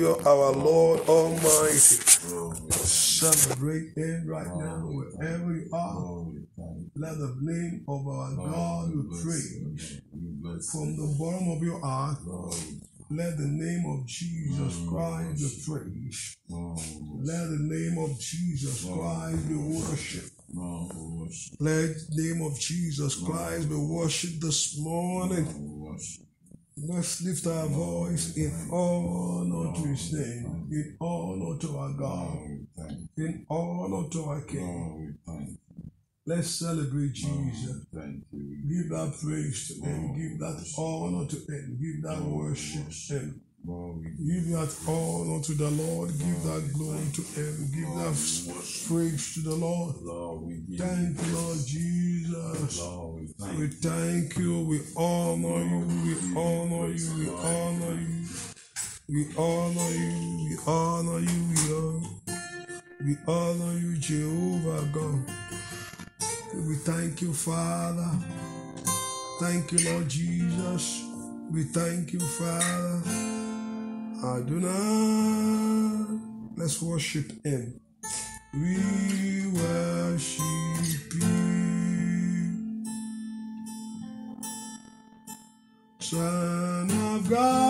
your our Lord Almighty celebrate it right now wherever you are. Let the name of our God we pray from the bottom of your heart. Let the name of Jesus Christ be praised. Let the name of Jesus Christ be worshipped. Let the name of Jesus Christ be worshipped this morning. Let's lift our voice in honor to His name, in honor to our God, in honor to our King. Let's celebrate Jesus. Give that praise to Him, give that honor to Him, give that worship to Him. Give that honor to the Lord. Give that glory to Him. Give that praise to the Lord. Thank you, Lord Jesus. We thank you. We honor you. We honor you. We honor you. We honor you. We honor you. We honor you. We honor you, Jehovah God. We thank you, Father. Thank you, Lord Jesus. We thank you, Father. Adonai. Let's worship Him. We worship you, Son of God.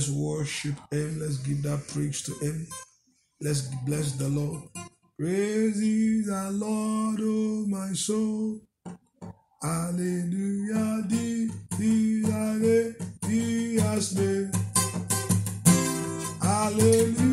Let's worship Him. Let's give that praise to Him. Let's bless the Lord. Praise the Lord, oh my soul. Hallelujah. Thee, thee, thee, has made. Hallelujah.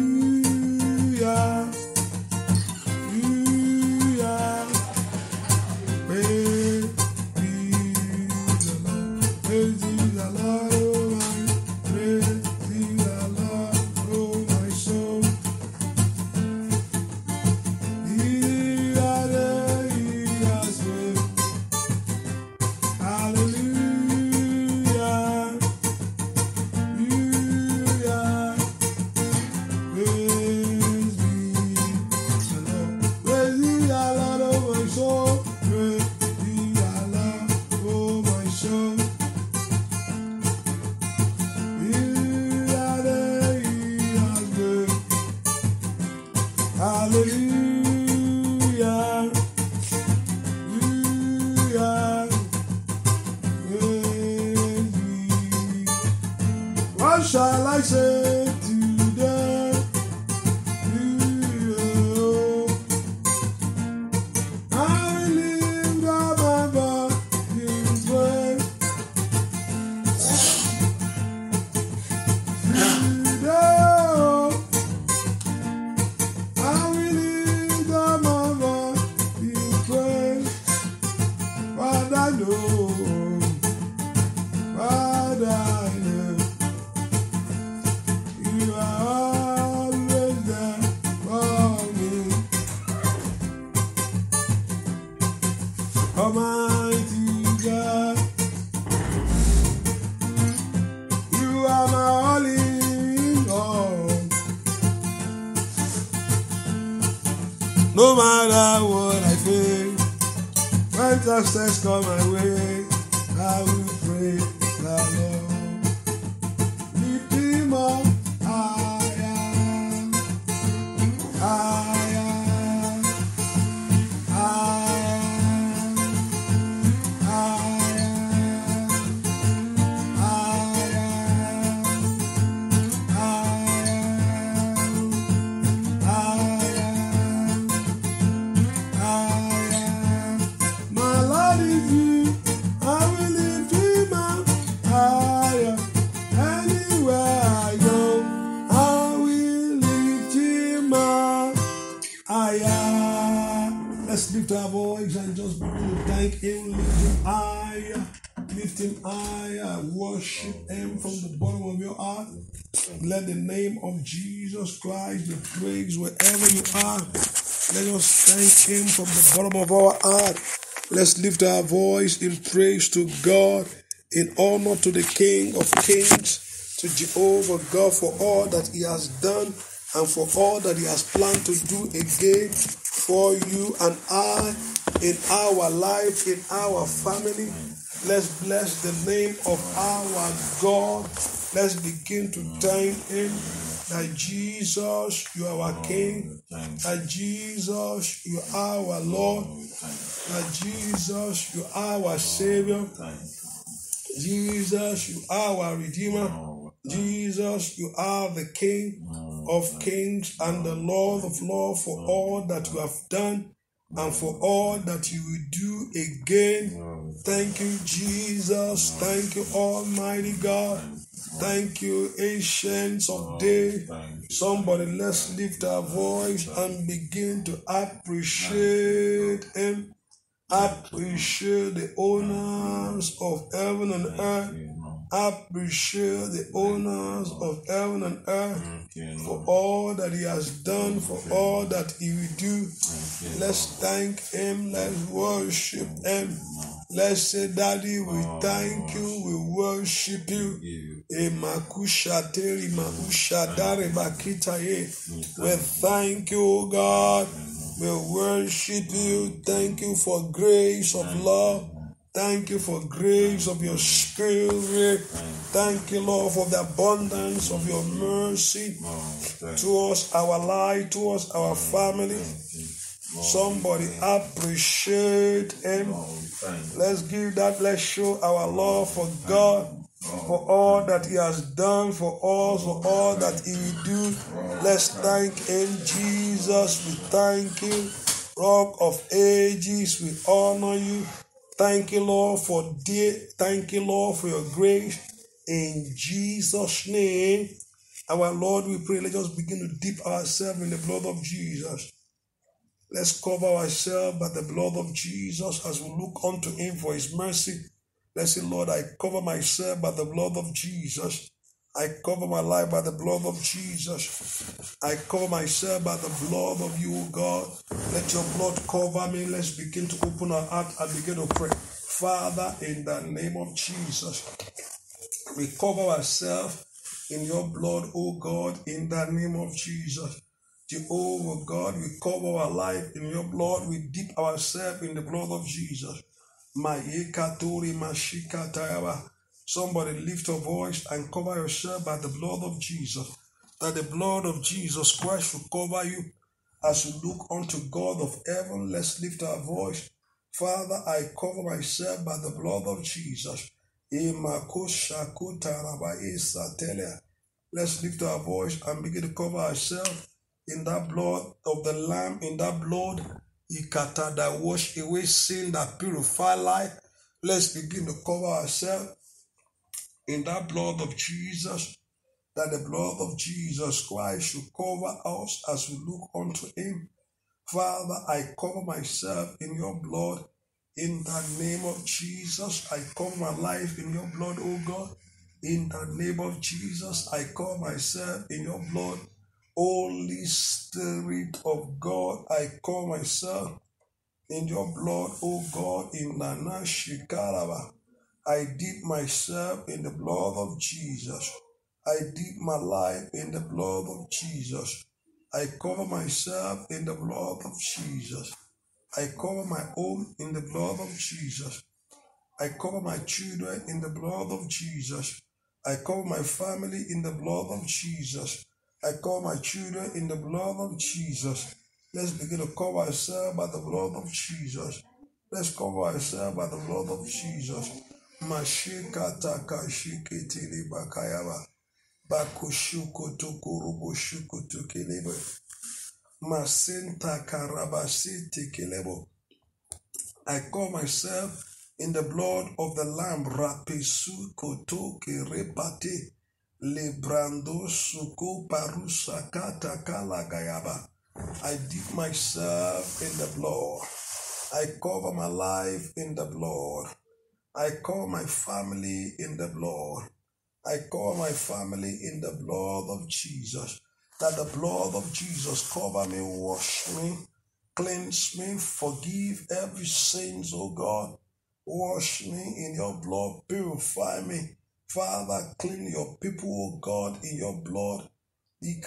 says come way. the name of Jesus Christ The praise wherever you are. Let us thank Him from the bottom of our heart. Let's lift our voice in praise to God, in honor to the King of Kings, to Jehovah God for all that He has done and for all that He has planned to do again for you and I in our life, in our family. Let's bless the name of our God Let's begin to mm. thank Him that Jesus, you are our King, that Jesus, you are our Lord, that Jesus, you are our Savior, Jesus, you are our Redeemer, Jesus, you are the King of kings and the Lord of lords for all that you have done and for all that you will do again. Thank you, Jesus. Thank you, Almighty God. Thank you, ancients of oh, day. Somebody, let's lift our voice and begin to appreciate Him. Appreciate the owners of heaven and earth. I appreciate the owners of heaven and earth for all that he has done, for all that he will do. Let's thank him, let's worship him. Let's say, Daddy, we oh, thank you, we worship you. We thank you, O God. We worship you. Thank you for grace of love. Thank you for grace of your spirit. Thank you, Lord, for the abundance of your mercy towards our life, towards our family. Somebody appreciate him. Let's give that. Let's show our love for God, for all that he has done for us, for all that he will do. Let's thank him, Jesus. We thank you. Rock of ages, we honor you. Thank you, Lord, for dear. Thank you, Lord, for your grace. In Jesus' name, our Lord, we pray. Let us begin to dip ourselves in the blood of Jesus. Let's cover ourselves by the blood of Jesus as we look unto Him for His mercy. Let's say, Lord, I cover myself by the blood of Jesus. I cover my life by the blood of Jesus. I cover myself by the blood of you, God. Let your blood cover me. Let's begin to open our heart and begin to pray. Father, in the name of Jesus, we cover ourselves in your blood, O God, in the name of Jesus. Jehovah God, we cover our life in your blood. We dip ourselves in the blood of Jesus. Mashika Tayaba. Somebody lift your voice and cover yourself by the blood of Jesus. That the blood of Jesus Christ will cover you as you look unto God of heaven. Let's lift our voice. Father, I cover myself by the blood of Jesus. Let's lift our voice and begin to cover ourselves in that blood of the Lamb, in that blood that wash away sin, that purify life. Let's begin to cover ourselves in that blood of Jesus, that the blood of Jesus Christ should cover us as we look unto Him. Father, I cover myself in your blood. In the name of Jesus, I cover my life in your blood, O God. In the name of Jesus, I cover myself in your blood. Holy Spirit of God, I cover myself in your blood, O God, in the name Shikaraba. I dip myself in the blood of Jesus. I dip my life in the blood of Jesus. I cover myself in the blood of Jesus. I cover my home in the blood of Jesus. I cover my children in the blood of Jesus. I cover my family in the blood of Jesus. I cover my children in the blood of Jesus. Let's begin to cover ourselves by the blood of Jesus. Let's cover ourselves by the blood of Jesus. Mashikata kashikitili bakayaba. Bakushukutukurubushukutukilebe. Masinta karabasiti kilebo. I call myself in the blood of the Lamb. Rapisu koto kirepati. Lebrando suko parusa kata kalagayaba. I dip myself in the blood. I cover my life in the blood. I call my family in the blood. I call my family in the blood of Jesus. That the blood of Jesus cover me, wash me, cleanse me, forgive every sins, O oh God. Wash me in your blood, purify me. Father, clean your people, O oh God, in your blood. Eh.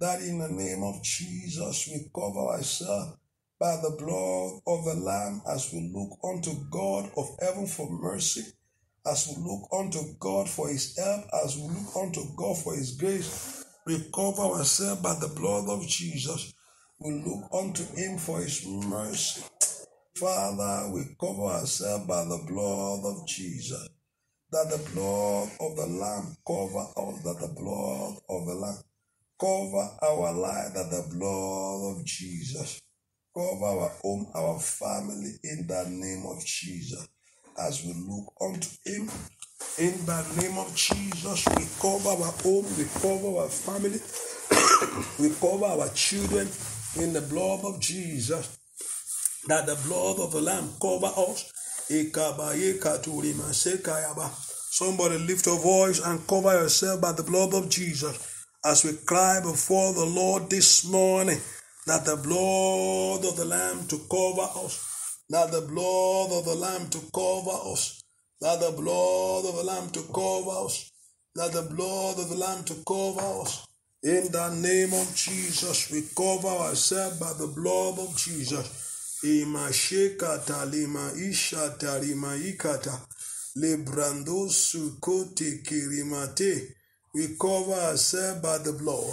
That in the name of Jesus we cover ourselves by the blood of the Lamb as we look unto God of heaven for mercy, as we look unto God for his help, as we look unto God for his grace. We cover ourselves by the blood of Jesus. We look unto him for his mercy. Father, we cover ourselves by the blood of Jesus. That the blood of the Lamb cover us, that the blood of the Lamb cover our life, that the blood of Jesus Cover our home, our family in the name of Jesus. As we look unto Him, in the name of Jesus, we cover our home, we cover our family, we cover our children in the blood of Jesus. That the blood of the Lamb cover us. Somebody lift your voice and cover yourself by the blood of Jesus as we cry before the Lord this morning that the blood of the Lamb to cover us, that the blood of the Lamb to cover us, that the blood of the Lamb to cover us, that the blood of the Lamb to cover us. In the name of Jesus, we cover ourselves by the blood of Jesus. Imashekata lima ishata lima ikata lebrandosu kote kirimate. We cover ourselves by the blood.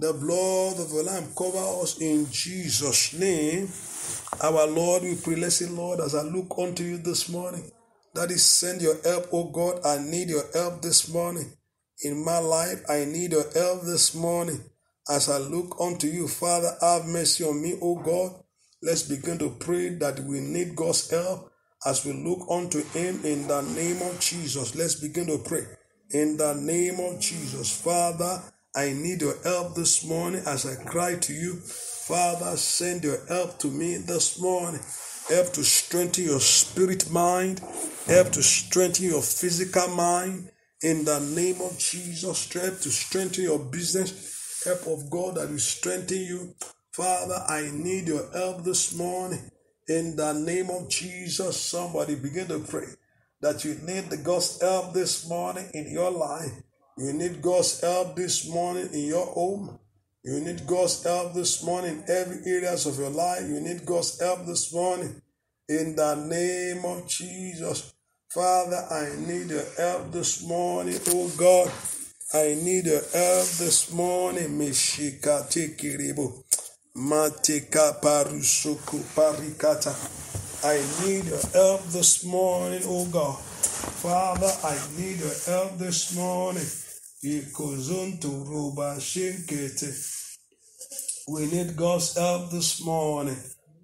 The blood of the Lamb cover us in Jesus' name. Our Lord, we pray, blessed Lord, as I look unto you this morning. That is, send your help, oh God. I need your help this morning. In my life, I need your help this morning. As I look unto you, Father, have mercy on me, O oh God. Let's begin to pray that we need God's help as we look unto Him in the name of Jesus. Let's begin to pray in the name of Jesus. Father, I need your help this morning as I cry to you. Father, send your help to me this morning. Help to strengthen your spirit mind. Help to strengthen your physical mind. In the name of Jesus, help to strengthen your business. Help of God that will strengthen you. Father, I need your help this morning. In the name of Jesus, somebody begin to pray that you need the God's help this morning in your life. You need God's help this morning in your home. You need God's help this morning in every areas of your life. You need God's help this morning in the name of Jesus. Father, I need your help this morning, oh God. I need your help this morning. parusuku parikata. I need your help this morning, oh God. Father, I need your help this morning. We need God's help this morning.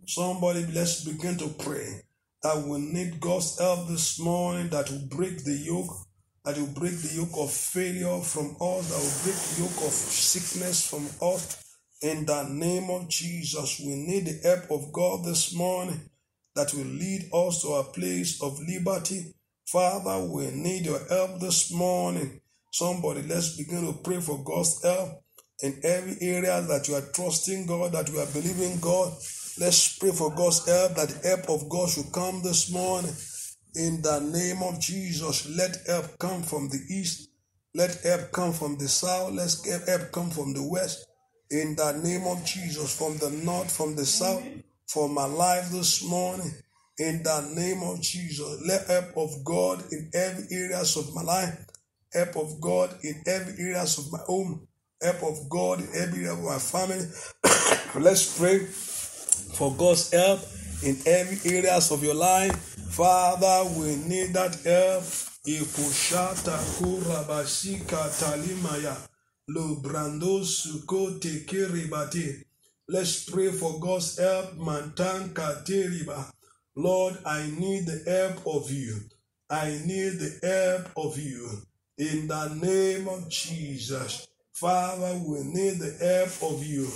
Somebody, let's begin to pray that we need God's help this morning that will break the yoke, that will break the yoke of failure from us, that will break the yoke of sickness from us. In the name of Jesus, we need the help of God this morning that will lead us to a place of liberty. Father, we need your help this morning Somebody, let's begin to pray for God's help in every area that you are trusting God, that you are believing God. Let's pray for God's help, that the help of God should come this morning. In the name of Jesus, let help come from the east. Let help come from the south. Let help come from the west. In the name of Jesus, from the north, from the south, for my life this morning. In the name of Jesus, let help of God in every areas of my life help of God in every areas of my home, help of God in every area of my family. Let's pray for God's help in every areas of your life. Father, we need that help. Ikushata kurabashika talimaya. Lobrando suko tekeribate. Let's pray for God's help. Lord, I need the help of you. I need the help of you. In the name of Jesus, Father, we need the help of you.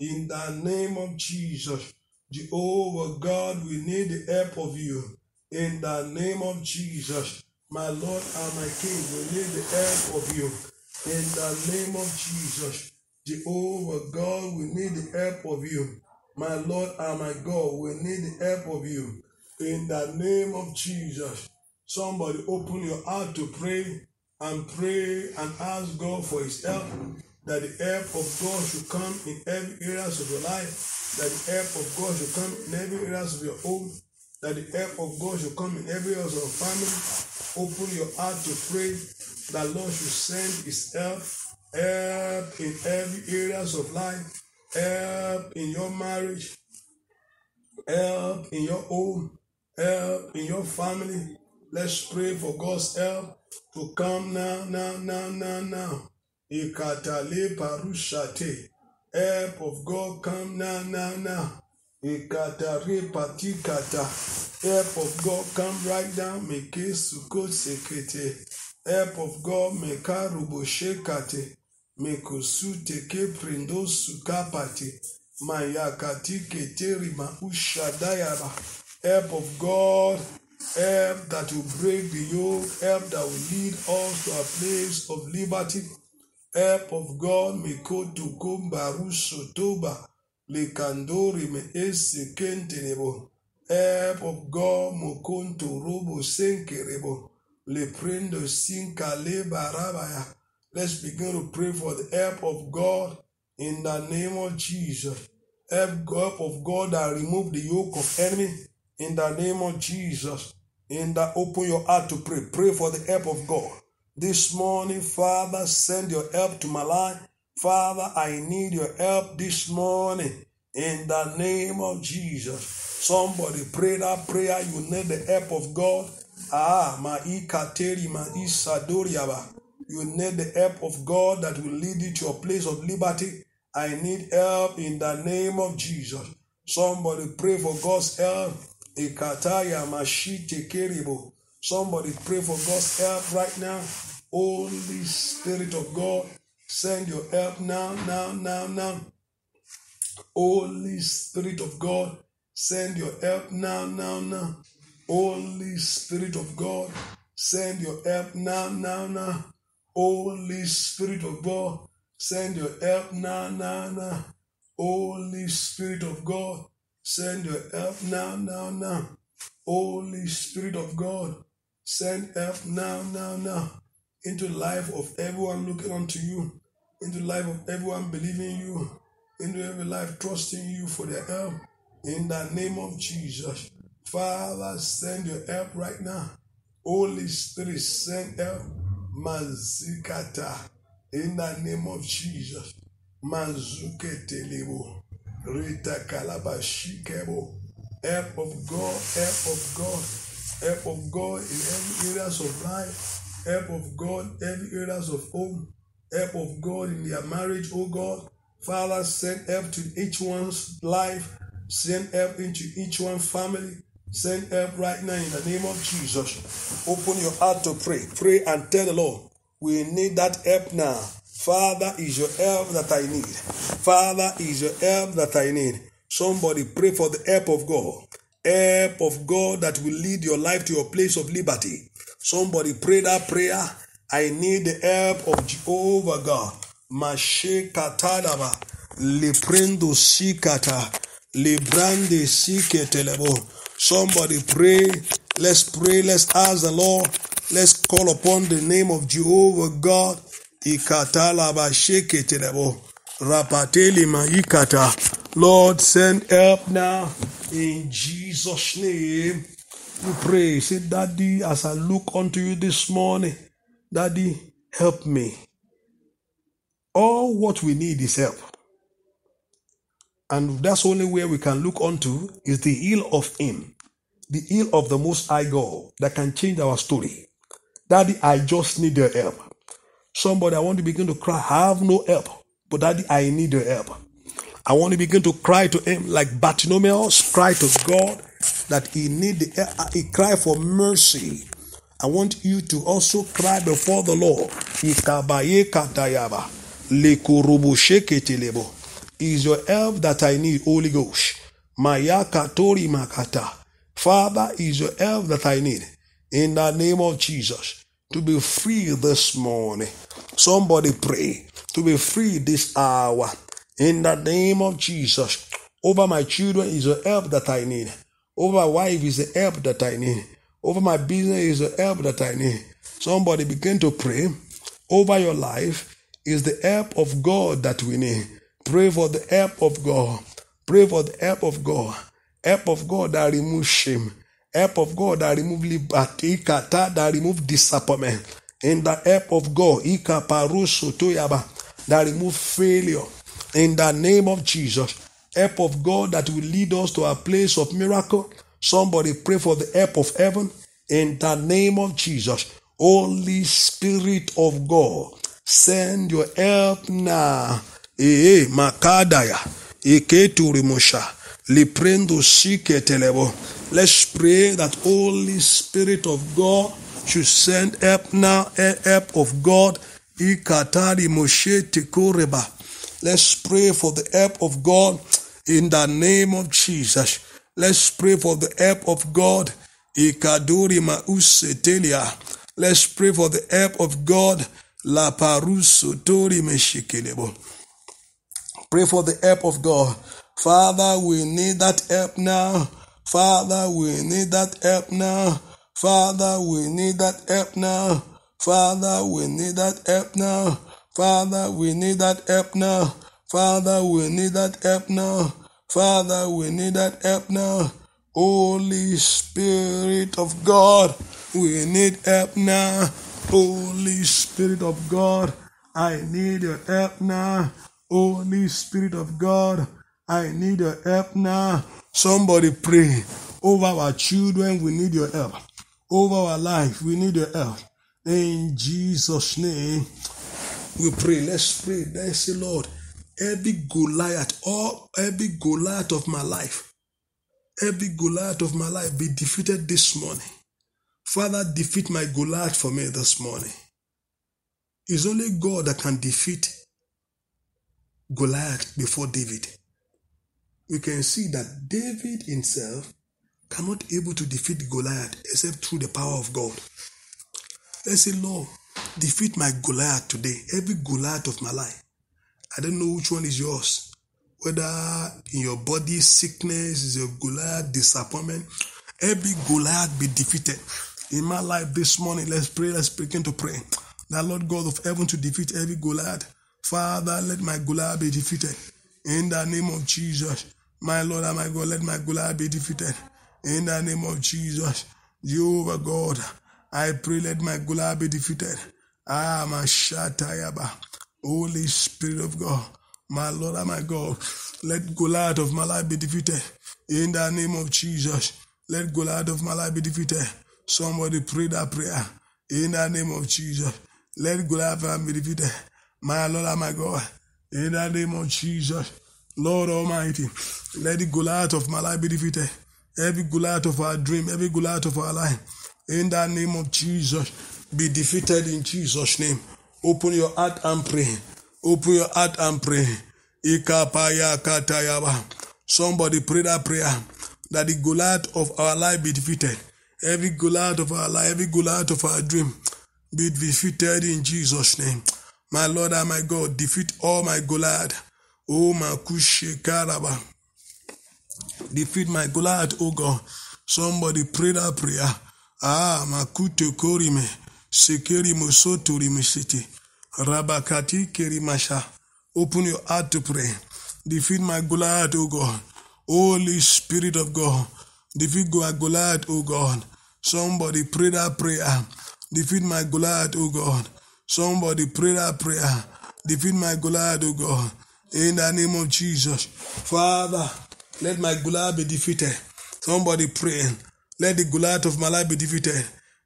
In the name of Jesus, Jehovah God, we need the help of you. In the name of Jesus, my Lord and my King, we need the help of you. In the name of Jesus, Jehovah God, we need the help of you. My Lord and my God, we need the help of you. In the name of Jesus, somebody open your heart to pray and pray and ask God for his help, that the help of God should come in every areas of your life, that the help of God should come in every areas of your home, that the help of God should come in every areas of your family. Open your heart to pray that Lord should send his help, help in every areas of life, help in your marriage, help in your home, help in your family. Let's pray for God's help to come now, now, now, now, now. Ikatale parushate. Help of God come now, now, now. Ikatare patikata. Help of God come right now. Make sekete. Help of God make ruboshekate. Mekosute ke prindo sukapate. Mayakati keterima ushadayaba. Help of God help that will break the yoke, help that will lead us to a place of liberty. Help of God, Mikoto Kumbaru Sotoba, Lekandori Me Esekentenebo. Help of God, Mokonto Robo Senkerebo, Leprendo Sinka Lebarabaya. Let's begin to pray for the help of God in the name of Jesus. Help, help of God that remove the yoke of enemy. In the name of Jesus, in the open your heart to pray. Pray for the help of God. This morning, Father, send your help to my life. Father, I need your help this morning. In the name of Jesus. Somebody pray that prayer. You need the help of God. Ah, ma ikateri ma isadoriaba. You need the help of God that will lead you to a place of liberty. I need help in the name of Jesus. Somebody pray for God's help Ikataya mashite keribo. Somebody pray for God's help right now. Holy Spirit of God, send your help now, now, now, now. Holy Spirit of God, send your help now, now, now. Holy Spirit of God, send your help now, now, now. Holy Spirit of God, send your help now, now, now. Holy Spirit of God, Send your help now, now, now. Holy Spirit of God, send help now, now, now into the life of everyone looking unto you, into the life of everyone believing you, into every life trusting you for their help. In the name of Jesus, Father, send your help right now. Holy Spirit, send help. Mazikata. In the name of Jesus, Mazukete Lebo. Ritakalabashikebo. Help of God, help of God, help of God in every areas of life, help of God, every areas of home, help of God in their marriage, oh God. Father, send help to each one's life, send help into each one's family. Send help right now in the name of Jesus. Open your heart to pray. Pray and tell the Lord, we need that help now. Father is your help that I need. Father is your help that I need. Somebody pray for the help of God. Help of God that will lead your life to your place of liberty. Somebody pray that prayer. I need the help of Jehovah God. Mashe katadaba. Liprendo sikata. Librande siketelebo. Somebody pray. Let's pray. Let's ask the Lord. Let's call upon the name of Jehovah God Ikatala basheketelebo. Rapateli maikata. Lord, send help now in Jesus' name. We pray. Say, Daddy, as I look unto you this morning, Daddy, help me. All what we need is help. And that's only where we can look unto is the heel of Him, the heel of the Most High God that can change our story. Daddy, I just need your help. Somebody, I want to begin to cry. I have no help, but daddy, I need your help. I want to begin to cry to him like Bartimaeus cry to God that he need the, he cry for mercy. I want you to also cry before the Lord. Is your help that I need, Holy Ghost. Father, is your help that I need. In the name of Jesus to be free this morning. Somebody pray to be free this hour in the name of Jesus. Over my children is the help that I need. Over my wife is the help that I need. Over my business is the help that I need. Somebody begin to pray. Over your life is the help of God that we need. Pray for the help of God. Pray for the help of God. Help of God that removes shame help of God that remove liberty, that remove disappointment. In the help of God, ikaparusu toyaba that remove failure. In the name of Jesus, help of God that will lead us to a place of miracle. Somebody pray for the help of heaven. In the name of Jesus, Holy Spirit of God, send your help now. Eh, makadaya, iketu rimusha. Let's pray that Holy Spirit of God should send help now, help of God. Let's pray for the help of God in the name of Jesus. Let's pray for the help of God. Let's pray for the help of God. Pray for the help of God. Father, we need that help now. Father, we need that help now. Father, we need that help now. Father, we need that help now. Father, we need that help now. Father, we need that help now. Father, we need that help now. Holy Spirit of God, we need help now. Holy Spirit of God, I need your help now. Holy Spirit of God, I need your help now. Somebody pray over our children. We need your help. Over our life, we need your help. In Jesus' name, we pray. Let's pray. Let's say, Lord, every Goliath, all every Goliath of my life, every Goliath of my life be defeated this morning. Father, defeat my Goliath for me this morning. It's only God that can defeat Goliath before David we can see that David himself cannot able to defeat Goliath except through the power of God. Let's say, Lord, defeat my Goliath today, every Goliath of my life. I don't know which one is yours. Whether in your body, sickness, is your Goliath, disappointment, every Goliath be defeated. In my life this morning, let's pray, let's begin to pray. That Lord God of heaven to defeat every Goliath. Father, let my Goliath be defeated. In the name of Jesus. My Lord and my God, let my Gula be defeated. In the name of Jesus, Jehovah God, I pray let my Gula be defeated. Ah, my Shatayaba. Holy Spirit of God, my Lord and my God, let Goliath of my life be defeated. In the name of Jesus, let Goliath of my life be defeated. Somebody pray that prayer. In the name of Jesus, let Goliath of my life be defeated. My Lord and my God, in the name of Jesus, Lord Almighty, let the Goliath of my life be defeated. Every Goliath of our dream, every Goliath of our life, in the name of Jesus, be defeated in Jesus' name. Open your heart and pray. Open your heart and pray. Somebody pray that prayer that the Goliath of our life be defeated. Every Goliath of our life, every Goliath of our dream be defeated in Jesus' name. My Lord and my God, defeat all my Goliath Oh, Makushe Karaba. Defeat my glad, oh God. Somebody pray that prayer. Ah, Makute Korime. Sekeri Mosotori Mesiti. Rabakati Kerimasha. Open your heart to pray. Defeat my glad, oh God. Holy Spirit of God. Defeat my glad, oh God. Somebody pray that prayer. Defeat my glad, oh God. Somebody pray that prayer. Defeat my glad, oh God. In the name of Jesus. Father, let my Goliath be defeated. Somebody praying. Let the Goliath of my life be defeated.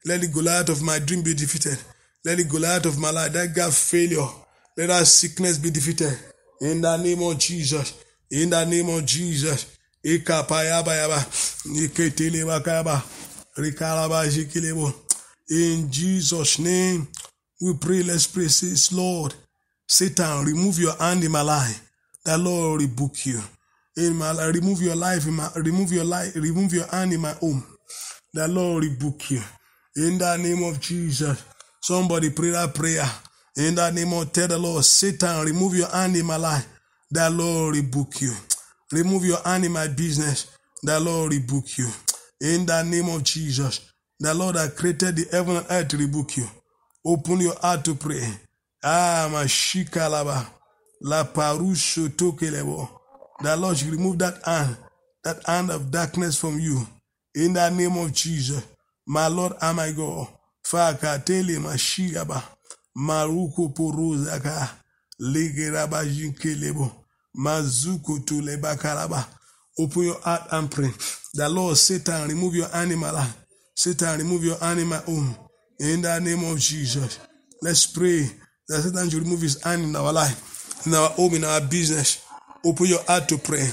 Let the Goliath of my dream be defeated. Let the Goliath of my life, that gave failure, let that sickness be defeated. In the name of Jesus. In the name of Jesus. In Jesus' name, we pray. Let's pray. Says, Lord, Satan, remove your hand in my life. The Lord rebuke you. In my life, remove your life in my remove your life, remove your hand in my home. The Lord rebuke you. In the name of Jesus. Somebody pray that prayer. In the name of tell the Lord, Satan, remove your hand in my life. The Lord rebuke you. Remove your hand in my business. The Lord rebuke you. In the name of Jesus. The Lord that created the heaven and earth rebuke you. Open your heart to pray. Ah, Mashikalaba. La parusho tokelebo. The Lord should remove that hand, that hand of darkness from you. In the name of Jesus. My Lord and my God. Fakatele Mashigaba. Maruko porozaka. Legeraba jinkelebo. Mazuko tulebakalaba. Open your heart and pray. The Lord, Satan, remove your animal. Satan, remove your animal In the name of Jesus. Let's pray. That Satan should remove his hand in our life, in our home, in our business. Open your heart to pray.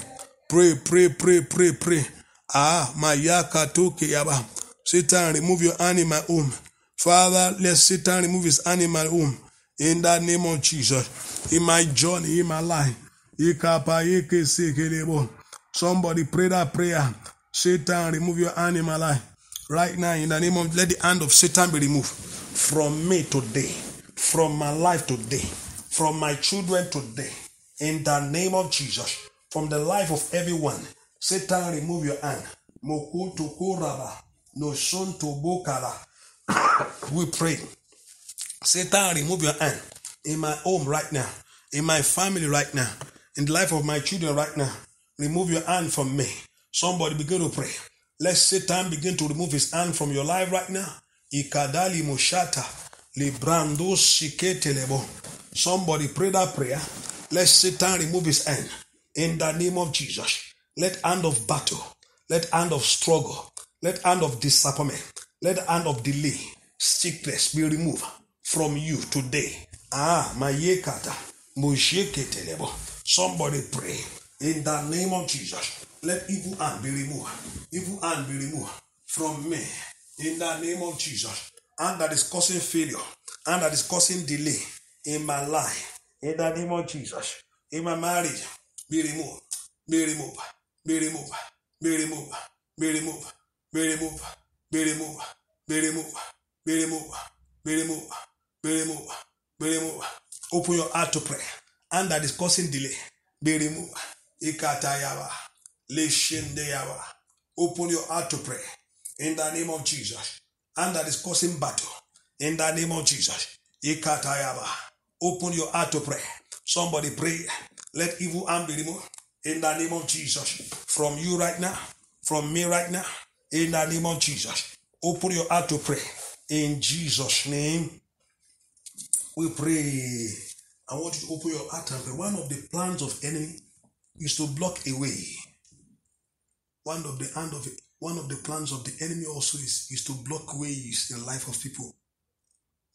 Pray, pray, pray, pray, pray. Ah, yaka toke yaba. Satan, remove your hand in my home. Father, let Satan remove his hand in my home. In the name of Jesus. In my journey, in my life. Somebody pray that prayer. Satan, remove your hand in my life. Right now, in the name of, let the hand of Satan be removed from me today from my life today, from my children today, in the name of Jesus, from the life of everyone. Satan, remove your hand. We pray. Satan, remove your hand in my home right now, in my family right now, in the life of my children right now. Remove your hand from me. Somebody begin to pray. Let Satan begin to remove his hand from your life right now. Ikadali Moshata. Librando shiketelebo. Somebody pray that prayer. Let Satan remove his hand in the name of Jesus. Let hand of battle, let hand of struggle, let hand of disappointment, let hand of delay, sickness be removed from you today. Ah, my yekata, musheketelebo. Somebody pray in the name of Jesus. Let evil hand be removed. Evil hand be removed from me in the name of Jesus and that is causing failure and that is causing delay in my life. In the name of Jesus, in my marriage, be removed, be removed, be removed, be removed, be removed, be removed, be removed, be removed, be removed, be removed, be removed, be removed. Open your heart to pray, and that is causing delay. Be removed. Ikatayaba, leshindeyawa. Open your heart to pray in the name of Jesus and that is causing battle. In the name of Jesus. Open your heart to pray. Somebody pray. Let evil arm be removed. In the name of Jesus. From you right now. From me right now. In the name of Jesus. Open your heart to pray. In Jesus' name. We pray. I want you to open your heart and pray. One of the plans of enemy is to block away. way. One of the hand of one of the plans of the enemy also is, is to block ways in life of people,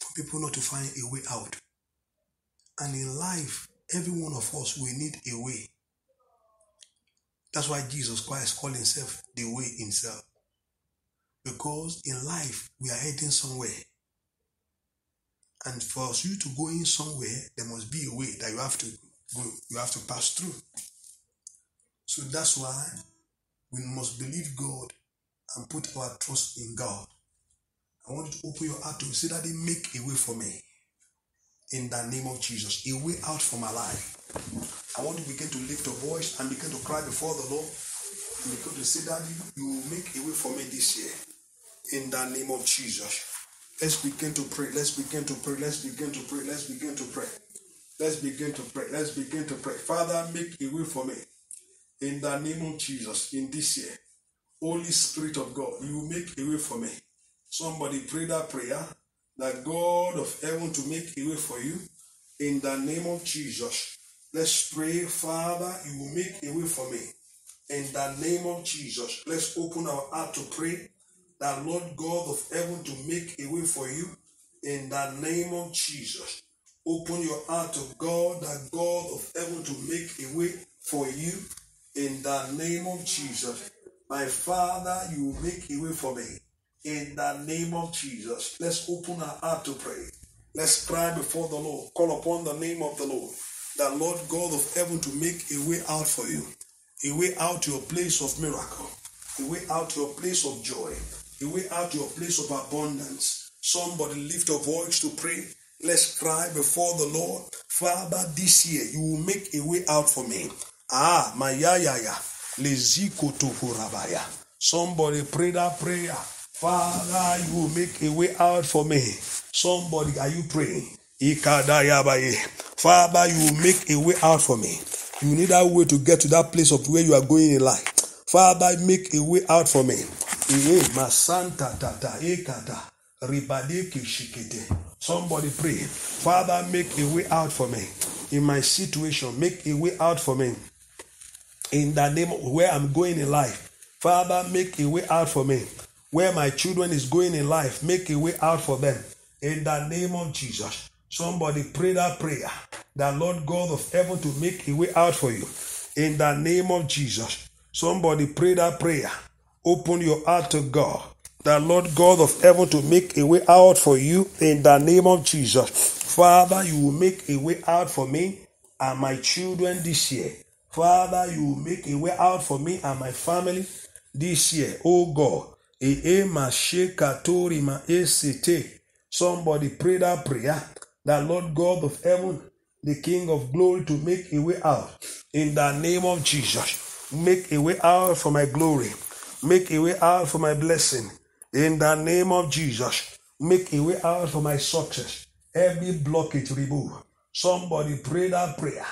for people not to find a way out. And in life, every one of us, we need a way. That's why Jesus Christ called himself the way himself. Because in life, we are heading somewhere. And for you to go in somewhere, there must be a way that you have to go, you have to pass through. So that's why we must believe God and put our trust in God. I want you to open your heart to say that they make a way for me. In the name of Jesus, a way out for my life. I want you to begin to lift your voice and begin to cry before the Lord. And begin to say that you make a way for me this year. In the name of Jesus. Let's begin to pray. Let's begin to pray. Let's begin to pray. Let's begin to pray. Let's begin to pray. Let's begin to pray. Father, make a way for me. In the name of Jesus, in this year. Holy Spirit of God, you will make a way for me. Somebody pray that prayer that God of heaven to make a way for you in the name of Jesus. Let's pray, Father, you will make a way for me in the name of Jesus. Let's open our heart to pray that Lord God of heaven to make a way for you in the name of Jesus. Open your heart to God, that God of heaven to make a way for you in the name of Jesus. My Father, you make a way for me. In the name of Jesus, let's open our heart to pray. Let's cry before the Lord. Call upon the name of the Lord, the Lord God of heaven, to make a way out for you, a way out to your place of miracle, a way out to your place of joy, a way out to your place of abundance. Somebody lift your voice to pray. Let's cry before the Lord. Father, this year you will make a way out for me. Ah, my ya ya ya. Somebody pray that prayer. Father, you will make a way out for me. Somebody, are you praying? Father, you will make a way out for me. You need that way to get to that place of where you are going in life. Father, make a way out for me. Somebody pray. Father, make a way out for me. In my situation, make a way out for me in the name of where I'm going in life. Father, make a way out for me. Where my children is going in life, make a way out for them. In the name of Jesus. Somebody pray that prayer. The Lord God of heaven to make a way out for you. In the name of Jesus. Somebody pray that prayer. Open your heart to God. The Lord God of heaven to make a way out for you in the name of Jesus. Father, you will make a way out for me and my children this year. Father, you make a way out for me and my family this year. Oh God. Somebody pray that prayer that Lord God of heaven, the King of glory, to make a way out. In the name of Jesus, make a way out for my glory. Make a way out for my blessing. In the name of Jesus, make a way out for my success. Every blockage remove. Somebody pray that prayer.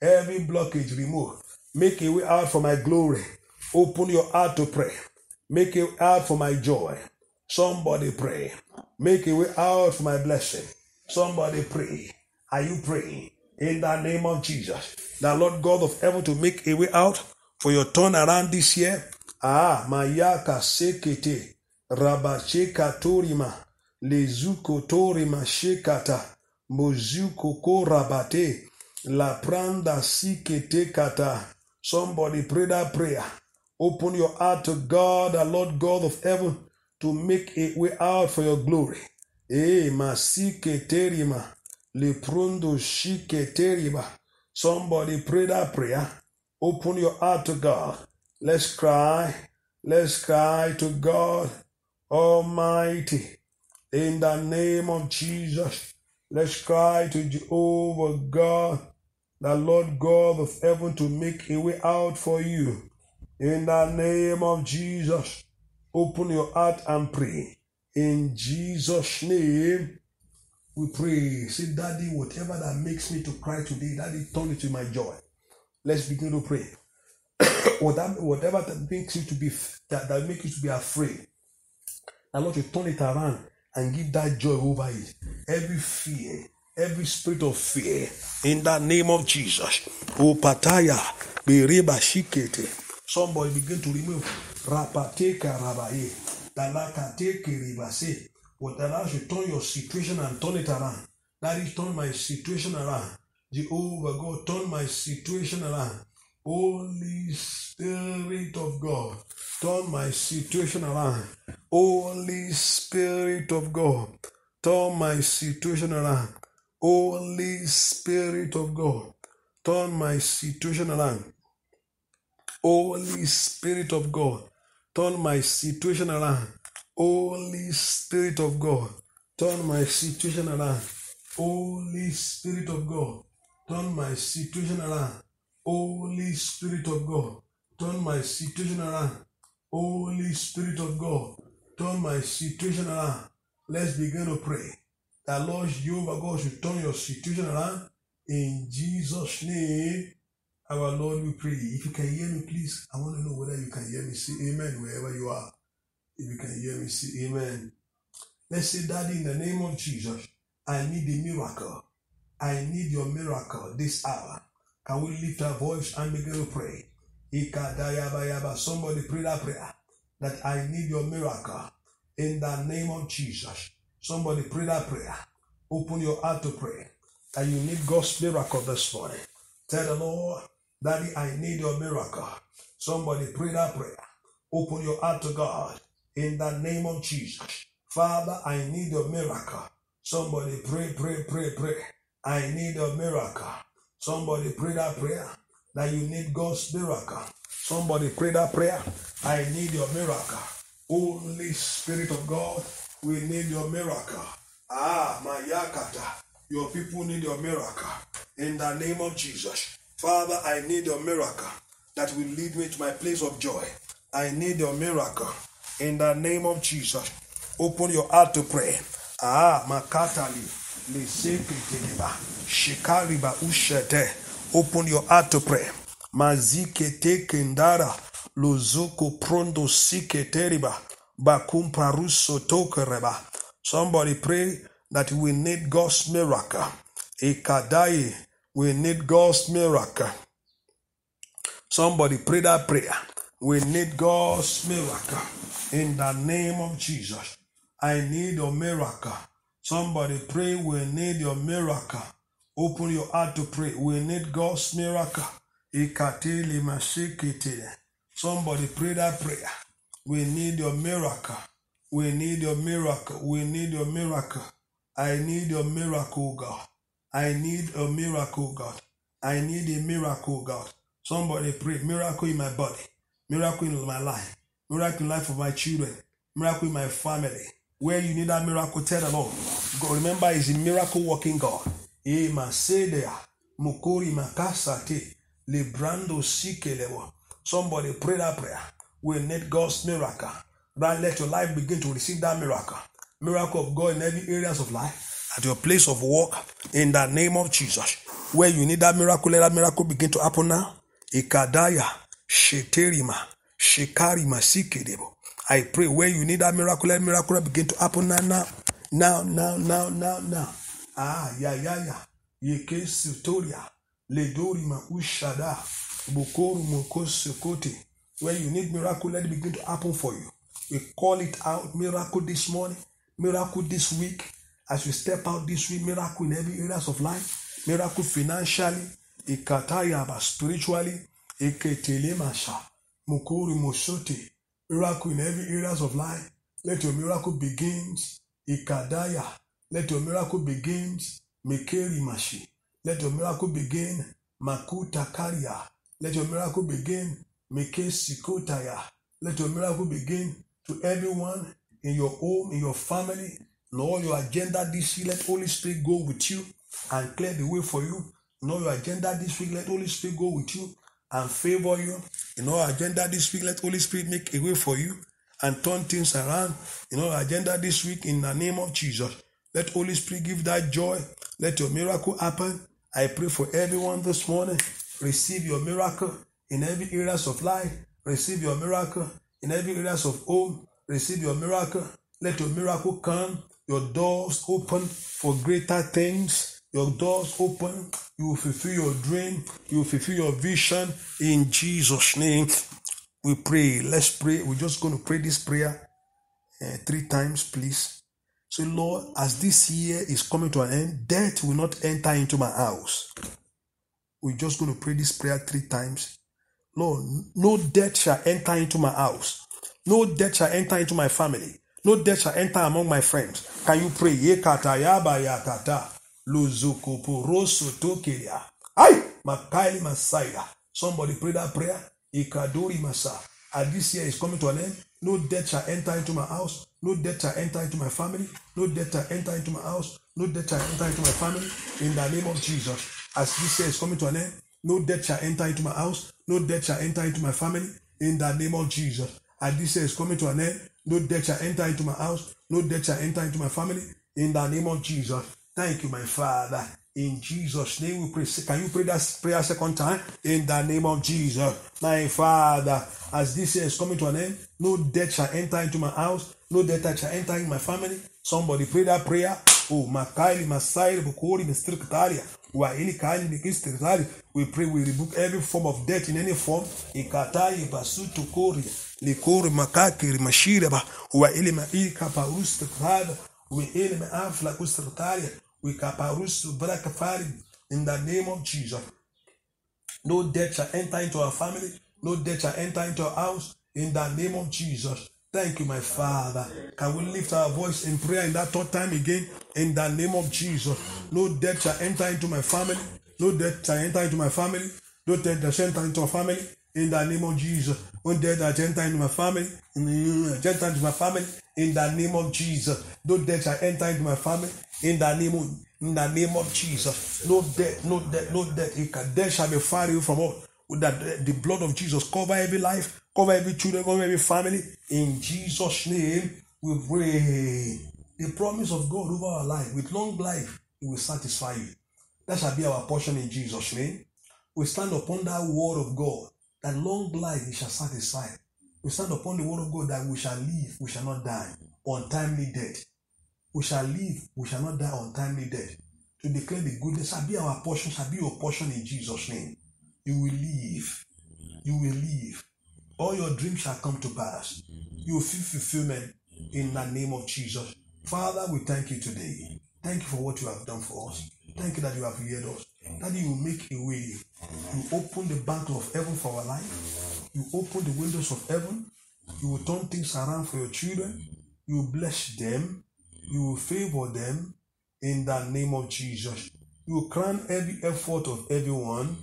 Every blockage removed. Make a way out for my glory. Open your heart to pray. Make a way out for my joy. Somebody pray. Make a way out for my blessing. Somebody pray. Are you praying? In the name of Jesus. The Lord God of heaven to make a way out for your turnaround this year. Ah, Mayaka Sekete. Rabasheka Torima. Lezuko Torima Shekata. Mozuko Korabate. La pranda sikete kata. Somebody pray that prayer. Open your heart to God, the Lord God of heaven, to make a way out for your glory. Eh, masiketerima. Leprundo shiketeriba. Somebody pray that prayer. Open your heart to God. Let's cry. Let's cry to God Almighty. In the name of Jesus. Let's cry to Jehovah God, the Lord God of heaven, to make a way out for you. In the name of Jesus, open your heart and pray. In Jesus' name, we pray. Say, Daddy, whatever that makes me to cry today, Daddy, turn it to my joy. Let's begin to pray. whatever that makes you to be that, that makes you to be afraid, the Lord to turn it around and give that joy over it. Every fear, every spirit of fear, in the name of Jesus. O pataya, bereba shikete. Somebody begin to remove. Rapateka rabaye. Dalakateke ribase. But Allah should turn your situation and turn it around. That is turn my situation around. Jehovah God, turn my situation around. Holy Spirit of God, turn my situation around. Holy Spirit of God, turn my situation around. Holy Spirit of God, turn my situation around. Holy Spirit of God, turn my situation around. Holy Spirit of God, turn my situation around. Holy Spirit of God, turn my situation around. Holy Spirit of God, turn my situation around. Holy Spirit of God, turn my situation around. Let's begin to pray. That Lord Jehovah God should turn your situation around. In Jesus' name, our Lord, we pray. If you can hear me, please, I want to know whether you can hear me. Say amen wherever you are. If you can hear me, say amen. Let's say, Daddy, in the name of Jesus, I need a miracle. I need your miracle this hour. Can we lift our voice and begin to pray? Somebody pray that prayer that I need your miracle in the name of Jesus. Somebody pray that prayer. Open your heart to pray that you need God's miracle this morning. Tell the Lord, Daddy, I need your miracle. Somebody pray that prayer. Open your heart to God in the name of Jesus. Father, I need your miracle. Somebody pray, pray, pray, pray. I need a miracle. Somebody pray that prayer that you need God's miracle. Somebody pray that prayer. I need your miracle. only Spirit of God, we need your miracle. Ah, my yakata. Your people need your miracle. In the name of Jesus. Father, I need your miracle that will lead me to my place of joy. I need your miracle. In the name of Jesus. Open your heart to pray. Ah, my Makatali. Open your heart to pray. Mazikete kendara lozuko prondo teriba. bakumpra russo tokereba. Somebody pray that we need God's miracle. Ekadai, we need God's miracle. Somebody pray that prayer. We need God's miracle in the name of Jesus. I need a miracle Somebody pray, we need your miracle. Open your heart to pray. We need God's miracle. Somebody pray that prayer. We need your miracle. We need your miracle. We need your miracle. I need your miracle, God. I need a miracle, God. I need a miracle, God. Somebody pray. Miracle in my body. Miracle in my life. Miracle in life of my children. Miracle in my family where you need that miracle, tell the Lord. God, remember, He's a miracle working God. Amen. Say there. Mukori makasate. Librando sikelewa. Somebody pray that prayer. We need God's miracle. Right, let your life begin to receive that miracle. Miracle of God in every areas of life. At your place of work, in the name of Jesus. Where you need that miracle, let that miracle begin to happen now. Ikadaya, Sheterima, Shekarima, Sikedebo. I pray where you need that miracle, let miracle begin to happen now, now, now, now, now, now, now. Ah, yeah, yeah, yeah. Yeke Sutoria, Ledori Makushada, Bokoru Mokosukote. Where you need miracle, let it begin to happen for you. We call it out miracle this morning, miracle this week. As we step out this week, miracle in every areas of life, miracle financially, ikatayaba spiritually, iketelema sha, mukuru mosote. miracle in every areas of life. Let your miracle begins. Ikadaya. Let your miracle begins. Mikeri Let your miracle begin. Makuta Let your miracle begin. Mekesikotaya. Let your miracle begin to everyone in your home, in your family. Lord, your agenda this week, let Holy Spirit go with you and clear the way for you. Lord, your agenda this week, let Holy Spirit go with you and favor you in our agenda this week. Let Holy Spirit make a way for you and turn things around in our agenda this week in the name of Jesus. Let Holy Spirit give that joy. Let your miracle happen. I pray for everyone this morning. Receive your miracle in every areas of life. Receive your miracle in every areas of home. Receive your miracle. Let your miracle come. Your doors open for greater things your doors open. You will fulfill your dream. You will fulfill your vision in Jesus' name. We pray. Let's pray. We're just going to pray this prayer uh, three times, please. So, Lord, as this year is coming to an end, death will not enter into my house. We're just going to pray this prayer three times. Lord, no death shall enter into my house. No death shall enter into my family. No death shall enter among my friends. Can you pray? Luzukuporoso tokeria. Ay! Makaili Masaida. Somebody pray that prayer. Ikadori Masa. And this year is coming to an end. No debt shall enter into my house. No debt shall enter into my family. No debt shall enter into my house. No debt shall enter into my family. In the name of Jesus. As this year is coming to an end, no debt shall enter into my house. No debt shall enter into my family. In the name of Jesus. As this year is coming to an end, no debt shall enter into my house. No debt shall enter into my family. In the name of Jesus. Thank you, my Father. In Jesus' name we pray. Can you pray that prayer second time? In the name of Jesus. My Father, as this year is coming to an end, no death shall enter into my house, no death shall enter in my family. Somebody pray that prayer. Oh, Makaili, Masairi, Bukori, Mistriktaria. We pray we rebuke every form of death in any form. Ikatai basutu kori likori makakiri mashireba wa ilima ikapaustiktada wa ilima we In the name of Jesus. No death shall enter into our family. No death shall enter into our house. In the name of Jesus. Thank you, my Father. Can we lift our voice in prayer in that third time again? In the name of Jesus. No death shall enter into my family. No death shall enter into my family. No death shall enter into our family. In the name of Jesus. No death shall enter into my family. enter into my family. In the name of Jesus. No death shall enter into my family. In the name of in the name of Jesus. No death, no death, no death. Can, death shall be far you from all. That eh, the blood of Jesus cover every life, cover every children, cover every family. In Jesus' name, we pray. The promise of God over our life, with long life, He will satisfy you. That shall be our portion in Jesus' name. We stand upon that word of God, that long life He shall satisfy. We stand upon the word of God that we shall live, we shall not die. Untimely death we shall live, we shall not die untimely death. To declare the goodness shall be our portion, shall be your portion in Jesus' name. You will live. You will live. All your dreams shall come to pass. You will feel fulfillment in the name of Jesus. Father, we thank you today. Thank you for what you have done for us. Thank you that you have heard us. That you will make a way. You open the bank of heaven for our life. You open the windows of heaven. You will turn things around for your children. You will bless them. You will favor them in the name of Jesus. You will crown every effort of everyone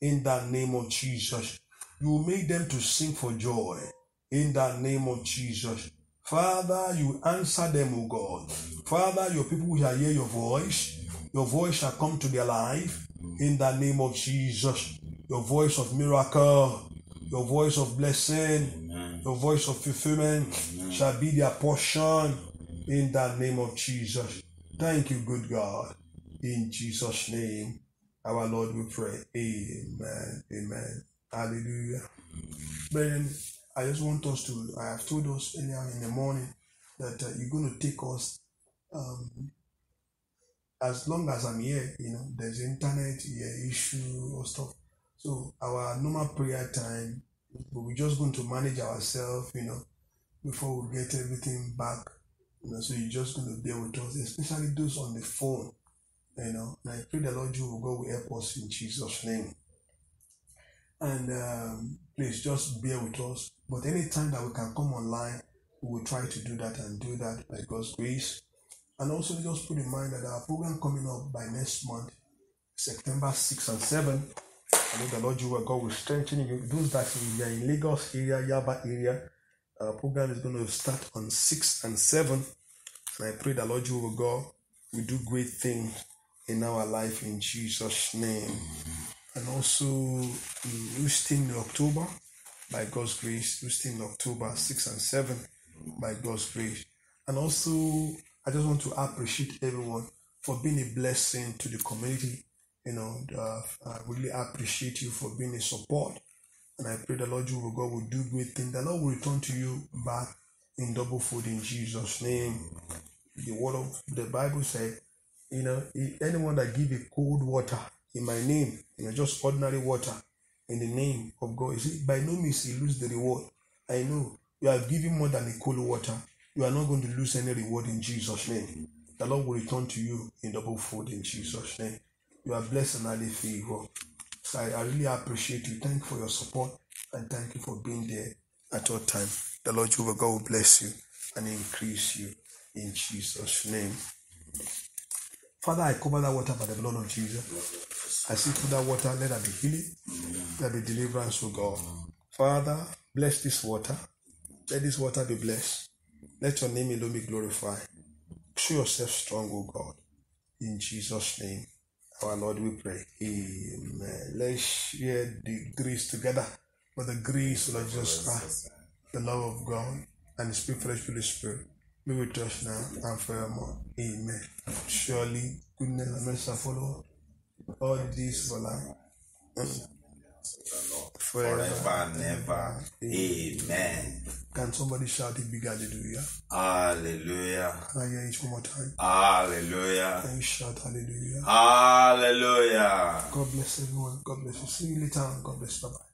in the name of Jesus. You will make them to sing for joy in the name of Jesus. Father, you answer them, O God. Father, your people shall hear your voice. Your voice shall come to their life in the name of Jesus. Your voice of miracle, your voice of blessing, Amen. your voice of fulfillment Amen. shall be their portion in the name of Jesus. Thank you, good God. In Jesus' name, our Lord, we pray. Amen. Amen. Hallelujah. Brethren, I just want us to, I have told us earlier in the morning that uh, you're going to take us, um, as long as I'm here, you know, there's internet yeah, issue or stuff. So our normal prayer time, but we're just going to manage ourselves, you know, before we get everything back you know, so you're just going to deal with us, especially those on the phone. You know, and I pray the Lord you will God help us in Jesus' name. And um, please just bear with us. But anytime that we can come online, we will try to do that and do that by God's grace. And also just put in mind that our program coming up by next month, September 6 and 7. I know the Lord you will God will strengthen you. Those that you are in Lagos area, Yaba area, our program is going to start on 6 and 7. And I pray that Lord will God will do great things in our life in Jesus' name. And also in Houston October, by God's grace, Houston October 6 and 7, by God's grace. And also, I just want to appreciate everyone for being a blessing to the community. You know, uh, I really appreciate you for being a support and I pray the Lord you will God will do great things. The Lord will return to you back in double fold in Jesus' name. The word of the Bible said, you know, anyone that give a cold water in my name, you know, just ordinary water in the name of God, you see, by no means he lose the reward. I know you have given more than a cold water. You are not going to lose any reward in Jesus' name. The Lord will return to you in double fold in Jesus' name. You are blessed and highly favored. So I, I really appreciate you. Thank you for your support and thank you for being there at all time. The Lord Jehovah God will bless you and increase you in Jesus' name. Father, I cover that water by the blood of Jesus. I see through that water, let that be healing, let there be deliverance, O God. Father, bless this water. Let this water be blessed. Let your name alone be glorified. Show yourself strong, O God. In Jesus' name. Our Lord, we pray. Amen. Let's share the grace together. For the grace of Jesus Christ, the love of God, and the Spirit fresh the Spirit, be with us now and forevermore. Amen. Surely goodness and mercy follow all these for life. Forever, forever, never. Amen. Can somebody shout a big hallelujah? Hallelujah. Can I hear it one more time? Hallelujah. Can you shout hallelujah? Hallelujah. God bless everyone. God bless you. See you later. God bless. Bye bye.